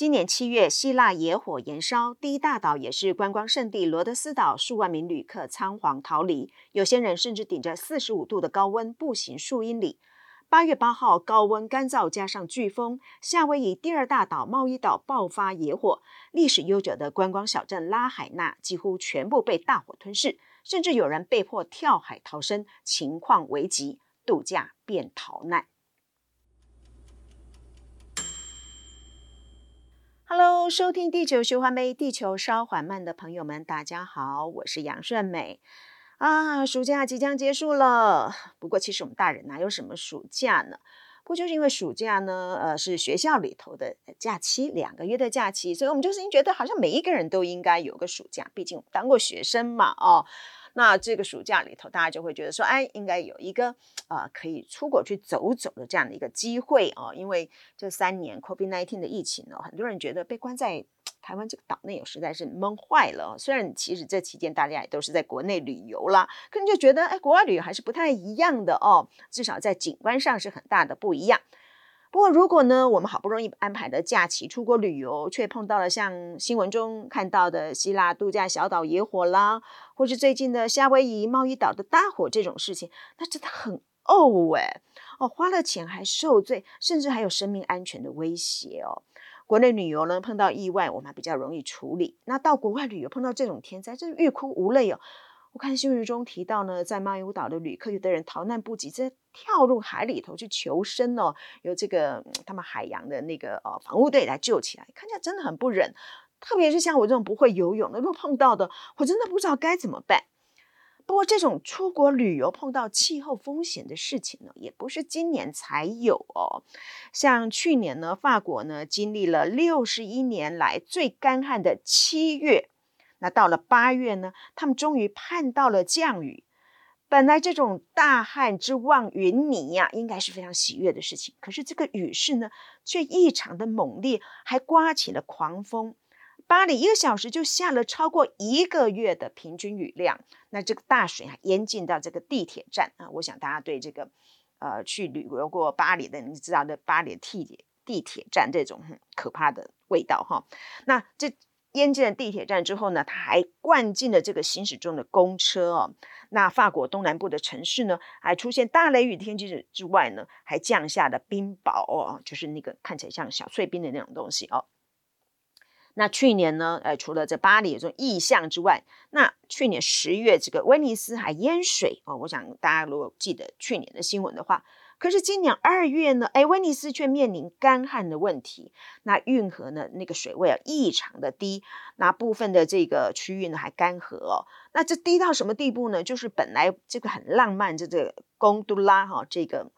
今年七月，希臘野火延燒，第一大島也是觀光勝地羅德斯島，數萬名旅客倉皇逃離，有些人甚至頂着四十五度的高溫步行數英里。八月八號，高溫乾燥加上颶風，夏威夷第二大島茂伊島爆發野火，歷史悠久的觀光小鎮拉海納幾乎全部被大火吞噬，甚至有人被迫跳海逃生，情況危急，度假變逃難。Hello，收聽地球循環妹，地球稍緩慢的朋友們，大家好，我是楊順美啊。暑假即將結束了，不過其實我們大人哪有什麼暑假呢？不就是因為暑假呢？呃，是學校裡頭的假期，兩個月的假期，所以我們就是覺得好像每一個人都應該有個暑假，畢竟我們當過學生嘛，哦。那這個暑假裡頭，大家就會覺得說，哎，應該有一個啊、呃，可以出國去走走的這樣的一個機會哦、啊。因為這三年 COVID-19 的疫情呢，很多人覺得被關在台灣這個島內也實在是悶壞了。雖然其實這期間大家也都是在國內旅遊啦，可你就覺得，哎，國外旅遊還是不太一樣的哦，至少在景觀上是很大的不一樣。不過，如果呢，我們好不容易安排的假期出國旅遊，卻碰到了像新聞中看到的希臘度假小島野火啦，或是最近的夏威夷茂伊島的大火這種事情，那真的很慪、哦、誒、欸、哦，花了錢還受罪，甚至還有生命安全的威脅哦。國內旅遊呢，碰到意外我們比較容易處理，那到國外旅遊碰到這種天災，真是欲哭無淚哦。我看新聞中提到呢，在茂伊島的旅客，有的人逃難不及，這跳入海裡頭去求生哦。由這個、嗯、他們海洋的那個呃、哦，防務隊來救起來，看起來真的很不忍。特別是像我這種不會游泳的，如果碰到的，我真的不知道該怎麼辦。不過這種出國旅遊碰到氣候風險的事情呢，也不是今年才有哦。像去年呢，法國呢經歷了六十一年來最乾旱的七月。那到了八月呢，他們終於盼到了降雨。本來這種大旱之望雲霓呀、啊，應該是非常喜悅的事情。可是這個雨勢呢，卻異常的猛烈，還颳起了狂風。巴黎一個小時就下了超過一個月的平均雨量。那這個大水啊，淹進到這個地鐵站啊，我想大家對這個，呃，去旅遊過巴黎的，你知道的，巴黎地鐵地鐵站這種很、嗯、可怕的味道哈。那這。淹進了地鐵站之後呢，它還灌進了這個行駛中的公車哦。那法國東南部的城市呢，還出現大雷雨天氣之外呢，還降下了冰雹哦，就是那個看起來像小碎冰的那種東西哦。那去年呢，呃，除了在巴黎有這種異象之外，那去年十月這個威尼斯還淹水哦。我想大家如果記得去年的新聞的話。可是今年二月呢，誒，威尼斯卻面臨乾旱的問題。那運河呢，那個水位啊異常的低，那部分的這個區域呢還乾涸哦。那這低到什麼地步呢？就是本來這個很浪漫，這這貢多拉哈，這個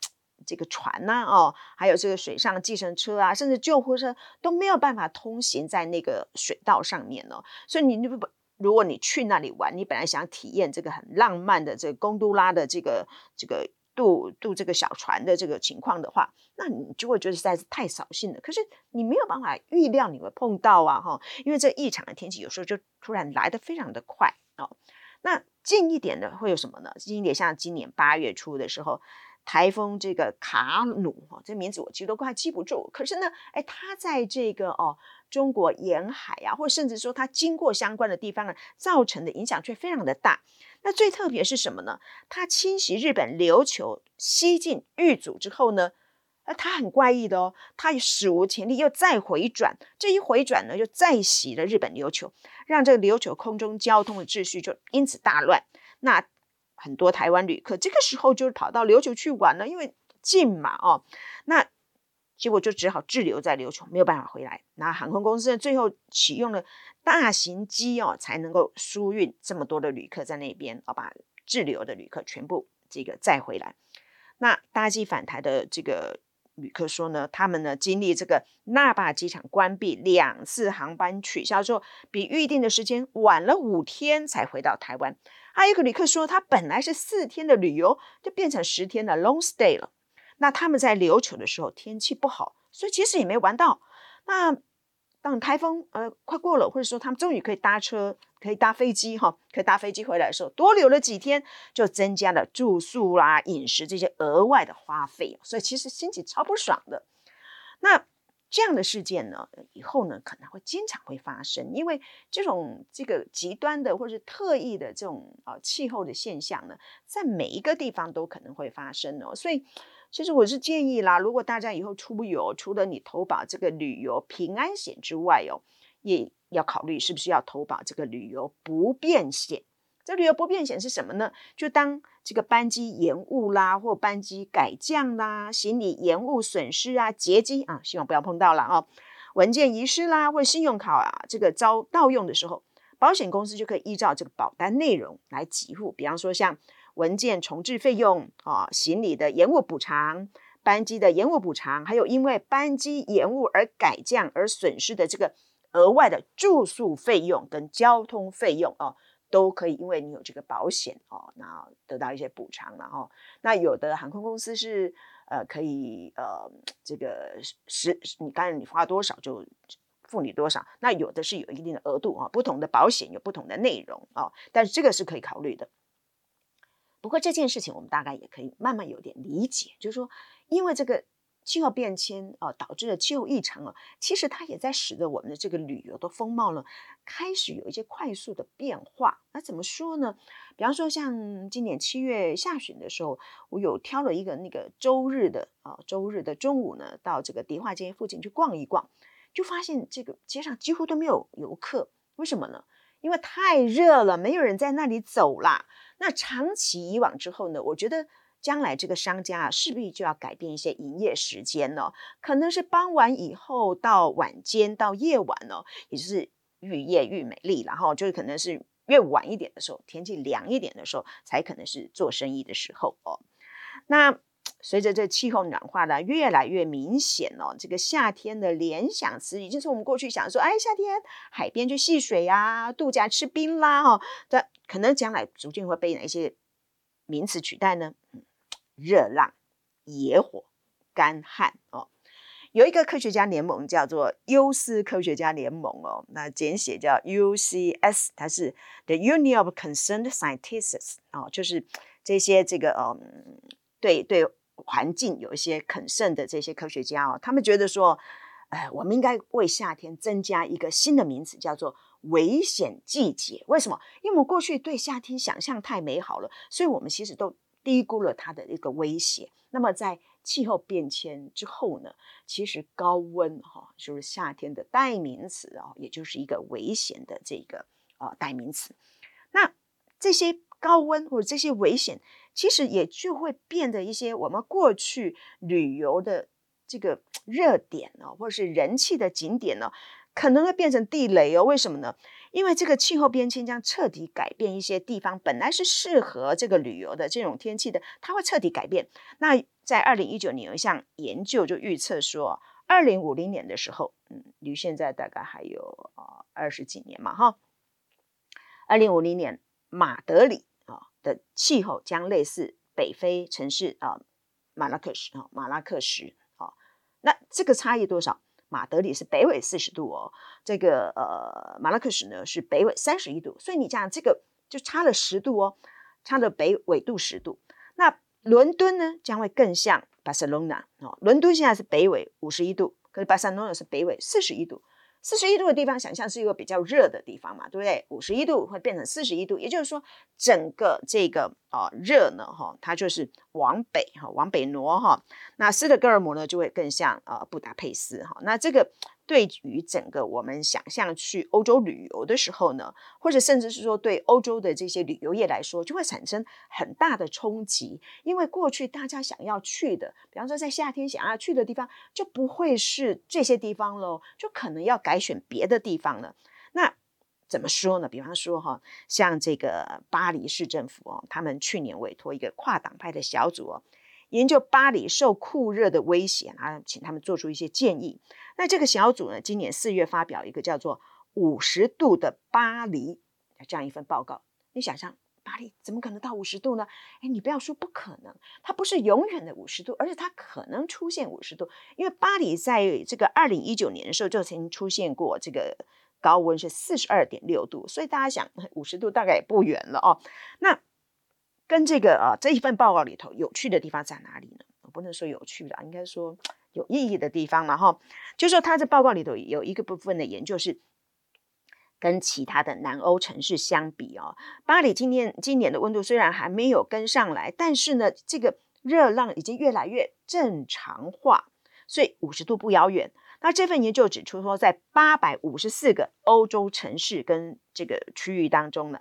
這個船吶、啊，哦，還有這個水上計程車啊，甚至救護車都沒有辦法通行在那個水道上面哦。所以你如果如果你去那裡玩，你本來想體驗這個很浪漫的這個貢多拉的這個這個。渡渡這個小船的這個情況的話，那你就會覺得實在是太掃興了。可是你沒有辦法預料你會碰到啊，哈、哦，因為這異常的天氣有時候就突然來得非常的快啊、哦。那近一點的會有什麼呢？近一點，像今年八月初的時候。颱風這個卡努啊，這名字我其實都快記不住。可是呢，哎，它在這個哦中國沿海啊，或者甚至說它經過相關的地方啊，造成的影響卻非常的大。那最特別是什麼呢？它侵襲日本琉球、西進玉祖之後呢，呃，它很怪異的哦，它史無前例又再回轉。這一回轉呢，又再襲了日本琉球，讓這個琉球空中交通的秩序就因此大亂。那。很多台灣旅客這個時候就跑到琉球去玩了，因為近嘛哦，那結果就只好滯留在琉球，沒有辦法回來。那航空公司呢，最後啟用了大型機哦，才能夠輸運這麼多的旅客在那邊，把滯留的旅客全部這個載回來。那搭機返台的這個旅客說呢，他們呢經歷這個那霸機場關閉、兩次航班取消之後，比預定的時間晚了五天才回到台灣。還、啊、有一個旅客說，他本來是四天的旅遊，就變成十天的 long stay 了。那他們在琉球的時候天氣不好，所以其實也沒玩到。那當颱風呃快過了，或者說他們終於可以搭車、可以搭飛機哈、哦，可以搭飛機回來的時候，多留了幾天，就增加了住宿啦、啊、飲食這些額外的花費，所以其實心情超不爽的。那這樣的事件呢，以後呢可能會經常會發生，因為這種這個極端的或是特異的這種啊氣候的現象呢，在每一個地方都可能會發生哦。所以，其實我是建議啦，如果大家以後出遊，除了你投保這個旅遊平安險之外哦，也要考慮是不是要投保這個旅遊不便險。那旅遊不便險是什麼呢？就當這個班機延誤啦，或班機改降啦，行李延誤損失啊，劫機啊，希望不要碰到了啊、哦。文件遺失啦，或信用卡啊，這個遭盜用的時候，保險公司就可以依照這個保單內容來給付。比方說，像文件重置費用啊，行李的延誤補償，班機的延誤補償，還有因為班機延誤而改降而損失的這個額外的住宿費用跟交通費用哦、啊。都可以，因為你有這個保險哦，那得到一些補償，然後，那有的航空公司是，呃，可以，呃，這個是你剛才你花多少就付你多少，那有的是有一定的額度啊、哦，不同的保險有不同的內容啊、哦，但是這個是可以考慮的。不過這件事情我們大概也可以慢慢有點理解，就是說，因為這個。氣候變遷啊、呃，導致的氣候異常啊，其實它也在使得我們的這個旅遊的風貌呢，開始有一些快速的變化。那怎麼說呢？比方說，像今年七月下旬的時候，我有挑了一個那個周日的啊、呃，周日的中午呢，到這個迪化街附近去逛一逛，就發現這個街上幾乎都沒有遊客。為什麼呢？因為太熱了，沒有人在那裡走啦。那長期以往之後呢，我覺得。將來這個商家啊，勢必就要改變一些營業時間了哦。可能是傍晚以後到晚間到夜晚哦，也就是愈夜愈美麗。然後就是可能是越晚一點的時候，天氣涼一點的時候，才可能是做生意的時候哦。那隨着這氣候暖化呢，越來越明顯哦。這個夏天的聯想詞，也就是我們過去想說，哎，夏天海邊去戲水呀啊，度假吃冰啦，哦，這可能將來逐漸會被哪一些名詞取代呢？熱浪、野火、乾旱哦，有一個科學家聯盟叫做優思科學家聯盟哦，那簡寫叫 UCS，它是 The Union of Concerned Scientists 哦，就是這些這個嗯，對對，環境有一些 Concern 的這些科學家哦，他們覺得說，哎，我們應該為夏天增加一個新的名詞，叫做危險季節。為什麼？因為我過去對夏天想象太美好了，所以我們其實都，低估了它的一個威脅。那麼，在氣候變遷之後呢，其實高溫哈、哦，就是夏天的代名詞啊、哦，也就是一個危險的這個呃代名詞。那這些高溫或者這些危險，其實也就會變得一些我們過去旅遊的這個熱點呢、哦，或者是人氣的景點呢、哦，可能會變成地雷哦。為什麼呢？因為這個氣候變遷將徹底改變一些地方本來是適合這個旅遊的這種天氣的，它會徹底改變。那在二零一九年，有一項研究就預測說，二零五零年的時候，嗯，離現在大概還有啊二十幾年嘛，哈。二零五零年，馬德裡啊、哦、的氣候將類似北非城市啊、哦、馬拉喀什啊、哦、馬拉喀什啊、哦，那這個差異多少？馬德里是北緯四十度哦，這個呃馬拉喀什呢是北緯三十一度，所以你講這，這個就差了十度哦，差了北緯度十度。那倫敦呢將會更像巴塞羅那哦，倫敦現在是北緯五十一度，可是巴塞羅那是北緯四十一度。四十一度的地方，想象是一個比較熱的地方嘛，對不對？五十一度會變成四十一度，也就是說，整個這個啊、呃、熱呢，哈、哦，它就是往北哈、哦，往北挪哈、哦。那斯德哥爾摩呢，就會更像啊、呃、布達佩斯哈、哦。那這個。對於整個我們想象去歐洲旅遊的時候呢，或者甚至是說對歐洲的這些旅遊業來說，就會產生很大的衝擊。因為過去大家想要去的，比方說在夏天想要去的地方，就不會是這些地方嘍，就可能要改選別的地方了。那怎麼說呢？比方說哈哦，像這個巴黎市政府哦，他們去年委托一個跨黨派的小組哦。研究巴黎受酷熱的威脅啊，然後請他們做出一些建議。那這個小組呢，今年四月發表一個叫做《五十度的巴黎》這樣一份報告。你想象巴黎怎麼可能到五十度呢？哎，你不要說不可能，它不是永遠的五十度，而是它可能出現五十度，因為巴黎在這個二零一九年的時候就曾經出現過這個高溫是四十二點六度，所以大家想，五十度大概也不遠了哦。那。跟這個啊，這一份報告裡頭有趣的地方在哪裡呢？我不能說有趣的，應該說有意義的地方了哈。然後，就是說他這報告裡頭有一個部分的研究是跟其他的南歐城市相比哦。巴黎今天今年的溫度雖然還沒有跟上來，但是呢，這個熱浪已經越來越正常化，所以五十度不遙遠。那這份研究指出說，在八百五十四個歐洲城市跟這個區域當中呢。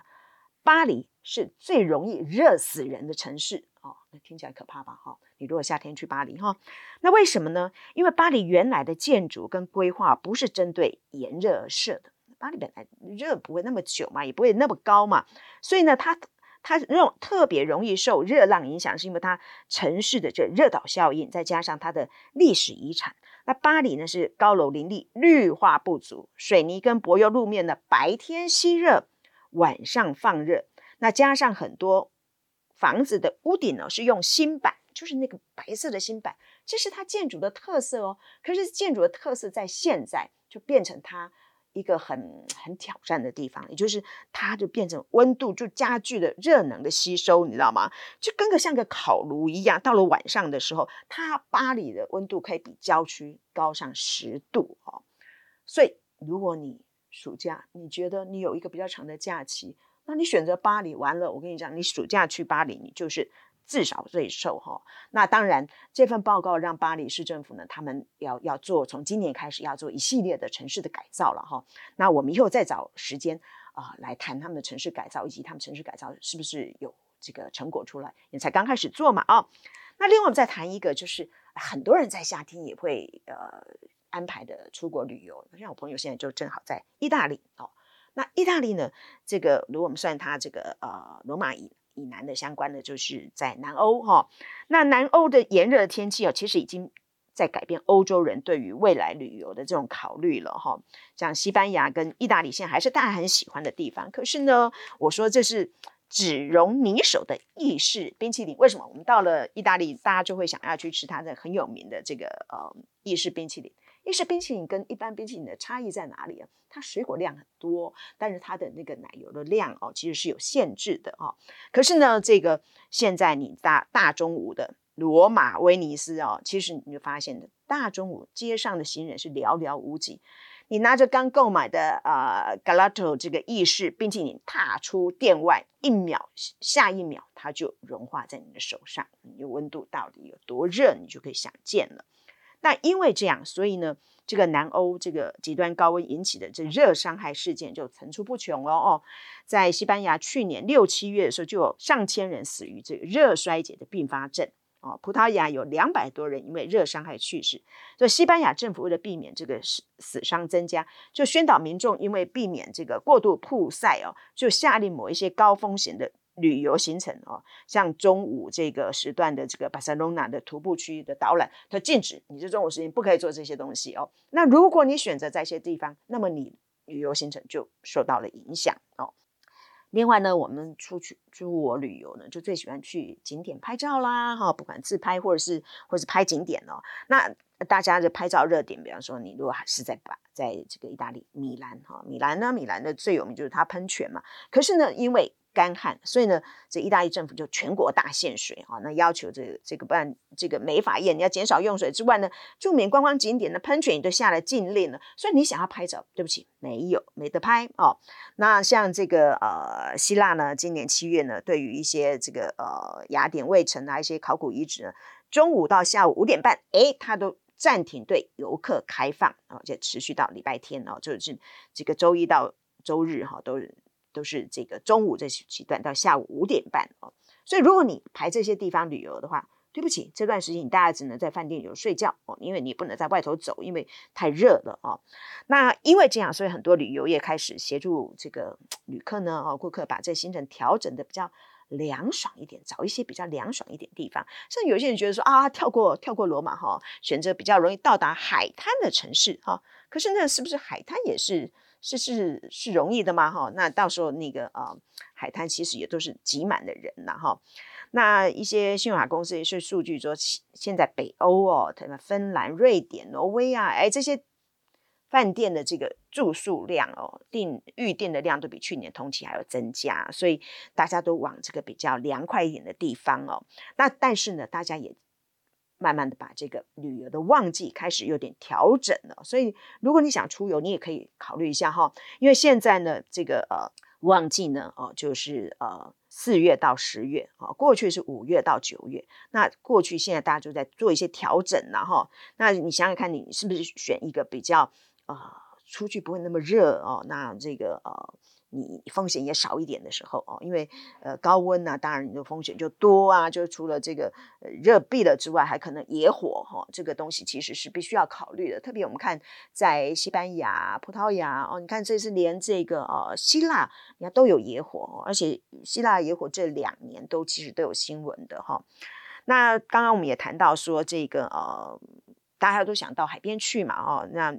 巴黎是最容易熱死人的城市哦，那聽起來可怕吧？哈、哦，你如果夏天去巴黎，哈、哦，那為什麼呢？因為巴黎原來的建築跟規劃不是針對炎熱而設的。巴黎本來熱不會那麼久嘛，也不會那麼高嘛，所以呢，它它用特別容易受熱浪影響，是因為它城市的這熱島效應，再加上它的歷史遺產。那巴黎呢是高樓林立，綠化不足，水泥跟柏油路面呢，白天吸熱。晚上放熱，那加上很多房子的屋頂呢是用鋅板，就是那個白色的鋅板，這是它建築的特色哦。可是建築的特色在現在就變成它一個很很挑戰的地方，也就是它就變成溫度就加劇了熱能的吸收，你知道嗎？就跟個像個烤爐一樣，到了晚上的時候，它巴黎的溫度可以比郊區高上十度哦。所以如果你暑假，你覺得你有一個比較長的假期，那你選擇巴黎完了，我跟你講，你暑假去巴黎，你就是至少最瘦哈、哦。那當然，這份報告讓巴黎市政府呢，他們要要做，從今年開始要做一系列的城市的改造了哈、哦。那我們以後再找時間啊、呃，來談他們的城市改造以及他們城市改造是不是有這個成果出來？你才剛開始做嘛啊、哦。那另外，我們再談一個，就是很多人在夏天也會呃。安排的出國旅遊，像我朋友現在就正好在意大利，哦。那意大利呢，這個如果我們算它這個呃羅馬以以南的相關的，就是在南歐哈、哦。那南歐的炎熱的天氣哦，其實已經在改變歐洲人對於未來旅遊的這種考慮了哈、哦。像西班牙跟意大利現在還是大家很喜歡的地方，可是呢，我說這是只融你手的意式冰淇淋。為什麼？我們到了意大利，大家就會想要去吃它的很有名的這個呃意式冰淇淋。意式冰淇淋跟一般冰淇淋的差異在哪裡啊？它水果量很多，但是它的那個奶油的量哦，其實是有限制的哈、哦。可是呢，這個現在你大大中午的羅馬、威尼斯哦，其實你就發現的，大中午街上的行人是寥寥無幾。你拿着剛購買的呃 gelato 這個意式冰淇淋踏出店外，一秒、下一秒它就融化在你的手上，你的溫度到底有多熱，你就可以想見了。那因為這樣，所以呢，這個南歐這個極端高溫引起的這熱傷害事件就層出不窮了哦，哦。在西班牙去年六七月的時候，就有上千人死於這個熱衰竭的併發症哦。葡萄牙有兩百多人因為熱傷害去世。所以西班牙政府為了避免這個死死傷增加，就宣導民眾，因為避免這個過度曝曬哦，就下令某一些高風險的。旅遊行程哦，像中午這個時段的這個巴塞隆納的徒步區的導覽，它禁止你在中午時間不可以做這些東西哦。那如果你選擇在一些地方，那麼你旅遊行程就受到了影響哦。另外呢，我們出去出國旅遊呢，就最喜歡去景點拍照啦哈、哦，不管自拍或者是或者是拍景點哦。那大家的拍照熱點，比方說你如果還是在在在這個意大利米蘭哈、哦，米蘭呢，米蘭的最有名就是它噴泉嘛。可是呢，因為乾旱，所以呢，這意大利政府就全國大限水啊、哦,那要求這個、這個辦這個沒法院你要減少用水之外呢，著名觀光景點的噴泉都下了禁令了，所以你想要拍照，對不起，沒有沒得拍哦。那像這個呃，希臘呢，今年七月呢，對於一些這個呃雅典衛城啊一些考古遺址呢，中午到下午五點半，哎，它都暫停對遊客開放啊、哦，就持續到禮拜天哦，就是這個周一到周日哈、哦，都是。都是這個中午這些時段到下午五點半，哦，所以如果你排這些地方旅遊的話，對不起，這段時間你大家只能在飯店裡頭睡覺哦，因為你不能在外頭走，因為太熱了、哦、那因為這樣，所以很多旅遊業開始協助這個旅客呢哦，顧客把這行程調整得比較涼爽一點，找一些比較涼爽一點的地方。像有些人覺得說啊，跳過跳過羅馬哈、哦，選擇比較容易到達海灘的城市哈、哦，可是那是不是海灘也是？是是是容易的嗎？哈，那到時候那個呃海灘其實也都是擠滿的人了哈。那一些信用卡公司也是數據說，現在北歐哦，芬蘭、瑞典、挪威啊，哎、欸，這些飯店的這個住宿量哦，訂預訂的量都比去年同期還要增加，所以大家都往這個比較涼快一點的地方哦。那但是呢，大家也。慢慢的把這個旅遊的旺季開始有點調整了，所以如果你想出遊，你也可以考慮一下哈，因為現在呢，這個呃旺季呢哦、呃、就是呃四月到十月啊，過去是五月到九月，那過去現在大家就在做一些調整了哈，那你想想看你是不是選一個比較呃出去不會那麼熱哦、啊，那這個呃。你風險也少一點的時候哦，因為呃高溫吶、啊，當然你的風險就多啊，就除了這個熱斃了之外，還可能野火哈、哦，這個東西其實是必須要考慮的。特別我們看在西班牙、葡萄牙哦，你看這次連這個呃、哦、希臘，你看都有野火，而且希臘野火這兩年都其實都有新聞的哈、哦。那剛剛我們也談到說這個呃，大家都想到海邊去嘛哦，那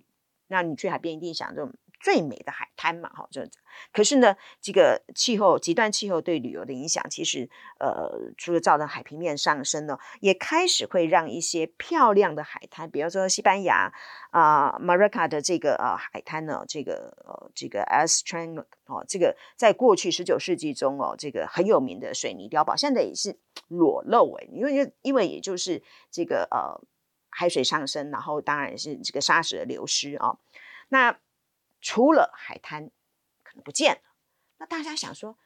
那你去海邊一定想這種。最美的海灘嘛，哈，這樣子，可是呢，這個氣候極端氣候對旅遊的影響，其實呃，除了造成海平面上升呢，也開始會讓一些漂亮的海灘，比方說西班牙啊，馬拉卡的這個呃海灘呢，這個呃這個、S、t r 特 n 哦、呃，這個在過去十九世紀中哦、呃，這個很有名的水泥碉堡，現在也是裸露哎，因為因為也就是這個呃海水上升，然後當然也是這個沙石的流失啊、呃，那。除了海灘可能不見了，那大家想說，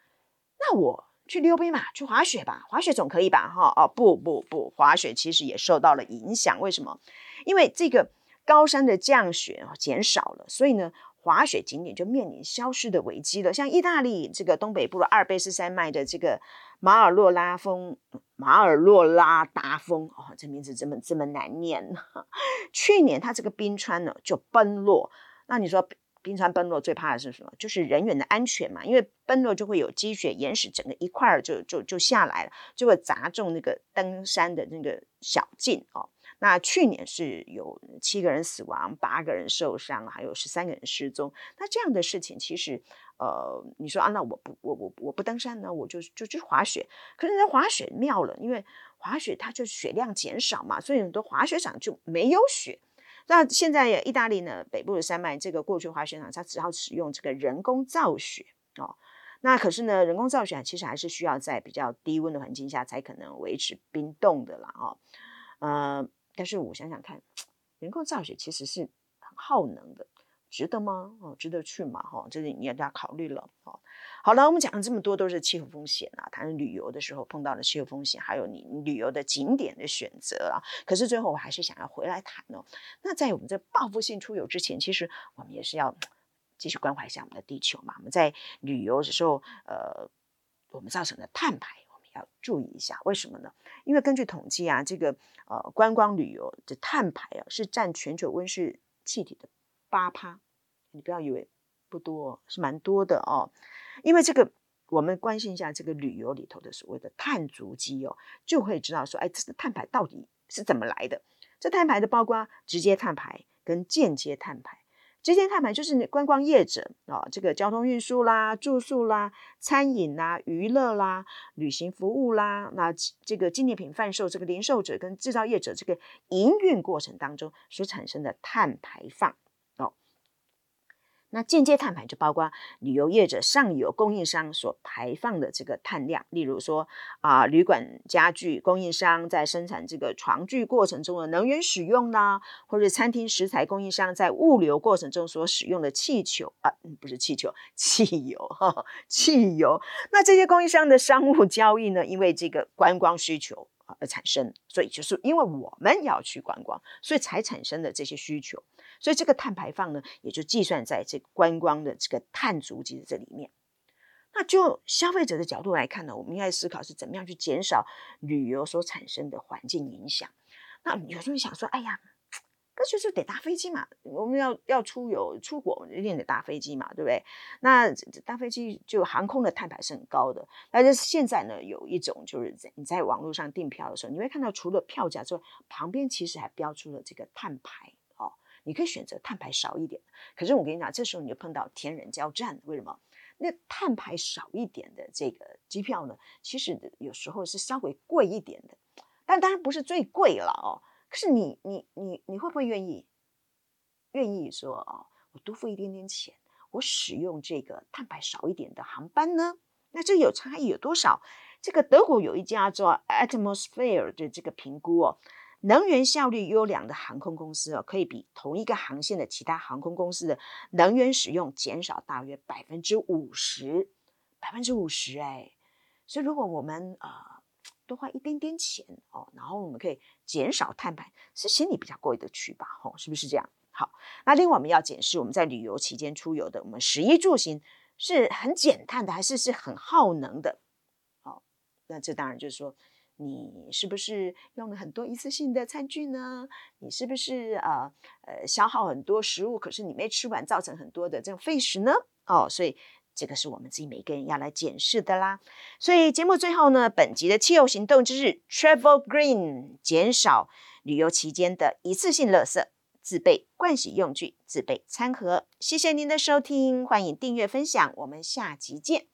那我去溜冰嘛，去滑雪吧，滑雪總可以吧？哈，哦，不不不，滑雪其實也受到了影響。為什麼？因為這個高山的降雪，哦，減少了，所以呢，滑雪景點就面臨消失的危機了。像意大利這個東北部的阿爾卑斯山脈的這個馬爾洛拉峰、馬爾洛拉達峰，哦，這名字這麼這麼難念啊，去年它這個冰川呢就崩落，那你說。冰川崩落最怕的是什麼？就是人員的安全嘛，因為崩落就會有積雪、岩石，整個一塊兒就就就下來了，就會砸中那個登山的那個小徑哦。那去年是有七個人死亡，八個人受傷，還有十三個人失蹤。那這樣的事情其實，呃，你說啊，那我不我我我不登山呢，我就就就滑雪。可是那滑雪妙了，因為滑雪它就雪量減少嘛，所以很多滑雪場就沒有雪。那現在意大利呢，北部的山脈，這個過去滑雪場，它只好使用這個人工造雪哦。那可是呢，人工造雪其實還是需要在比較低溫的環境下才可能維持冰凍的啦哦。呃，但是我想想看，人工造雪其實是很耗能的。值得嗎？哦，值得去嘛？哈、哦，這個你也要考慮了。好、哦，好了，我們講了這麼多都是氣候風險啊，談旅遊的時候碰到了氣候風險，還有你，你旅遊的景點的選擇啊。可是最後我還是想要回來談哦，那在我們這報復性出遊之前，其實我們也是要繼續關懷一下我們的地球嘛。我們在旅遊的時候，呃，我們造成的碳排，我們要注意一下。為什麼呢？因為根據統計啊，這個呃觀光旅遊的碳排啊，是占全球溫室氣體的。八趴，你不要以為不多、哦，是蠻多的哦。因為這個，我們關心一下這個旅遊裡頭的所謂的碳足跡哦，就會知道說，哎，這個碳排到底是怎麼來的？這碳排的包括直接碳排跟間接碳排。直接碳排就是你觀光業者啊、哦，這個交通運輸啦、住宿啦、餐飲啦、娛樂啦、旅行服務啦，那這個紀念品販售這個零售者跟製造業者這個營運過程當中所產生的碳排放。那間接碳排就包括旅遊業者上游供應商所排放的這個碳量，例如說啊、呃，旅館家具供應商在生產這個床具過程中的能源使用呢，或者餐廳食材供應商在物流過程中所使用的氣球啊、呃，不是氣球，汽油，呵呵，汽油。那這些供應商的商務交易呢，因為這個觀光需求。而產生，所以就是因為我們要去觀光，所以才產生的這些需求，所以這個碳排放呢，也就計算在這個觀光的這個碳足跡的這裡面。那就消費者的角度來看呢，我們應該思考是怎麼樣去減少旅遊所產生的環境影響。那你有些人想說，哎呀。那就是得搭飛機嘛，我們要要出遊出國一定得搭飛機嘛，對不對？那搭飛機就航空的碳排是很高的。但是現在呢，有一種就是你在網絡上訂票的時候，你會看到除了票價之外，旁邊其實還標出了這個碳排哦。你可以選擇碳排少一點，可是我跟你講，這時候你就碰到天人交戰。為什麼？那碳排少一點的這個機票呢，其實有時候是稍微貴一點的，但當然不是最貴了哦。可是你你你你會不會願意願意說哦，我多付一點點錢，我使用這個碳排少一點的航班呢？那這有差異有多少？這個德國有一家做 Atmosphere 的這個評估哦，能源效率優良的航空公司哦，可以比同一個航線的其他航空公司的能源使用減少大約百分之五十，百分之五十哎。所以如果我們呃。多花一點點錢哦，然後我們可以減少碳排，是心裡比較過得去吧？吼、哦，是不是這樣？好，那另外我們要檢視我們在旅遊期間出遊的，我們食衣住行是很減碳的，還是是很耗能的？哦，那這當然就是說，你是不是用了很多一次性的餐具呢？你是不是、啊、呃呃消耗很多食物，可是你沒吃完，造成很多的這種廢食呢？哦，所以。這個是我們自己每個人要來檢視的啦，所以節目最後呢，本集的氣候行動之日 Travel Green，減少旅遊期間的一次性垃圾，自備盥洗用具，自備餐盒。謝謝您的收聽，歡迎訂閱分享，我們下集見。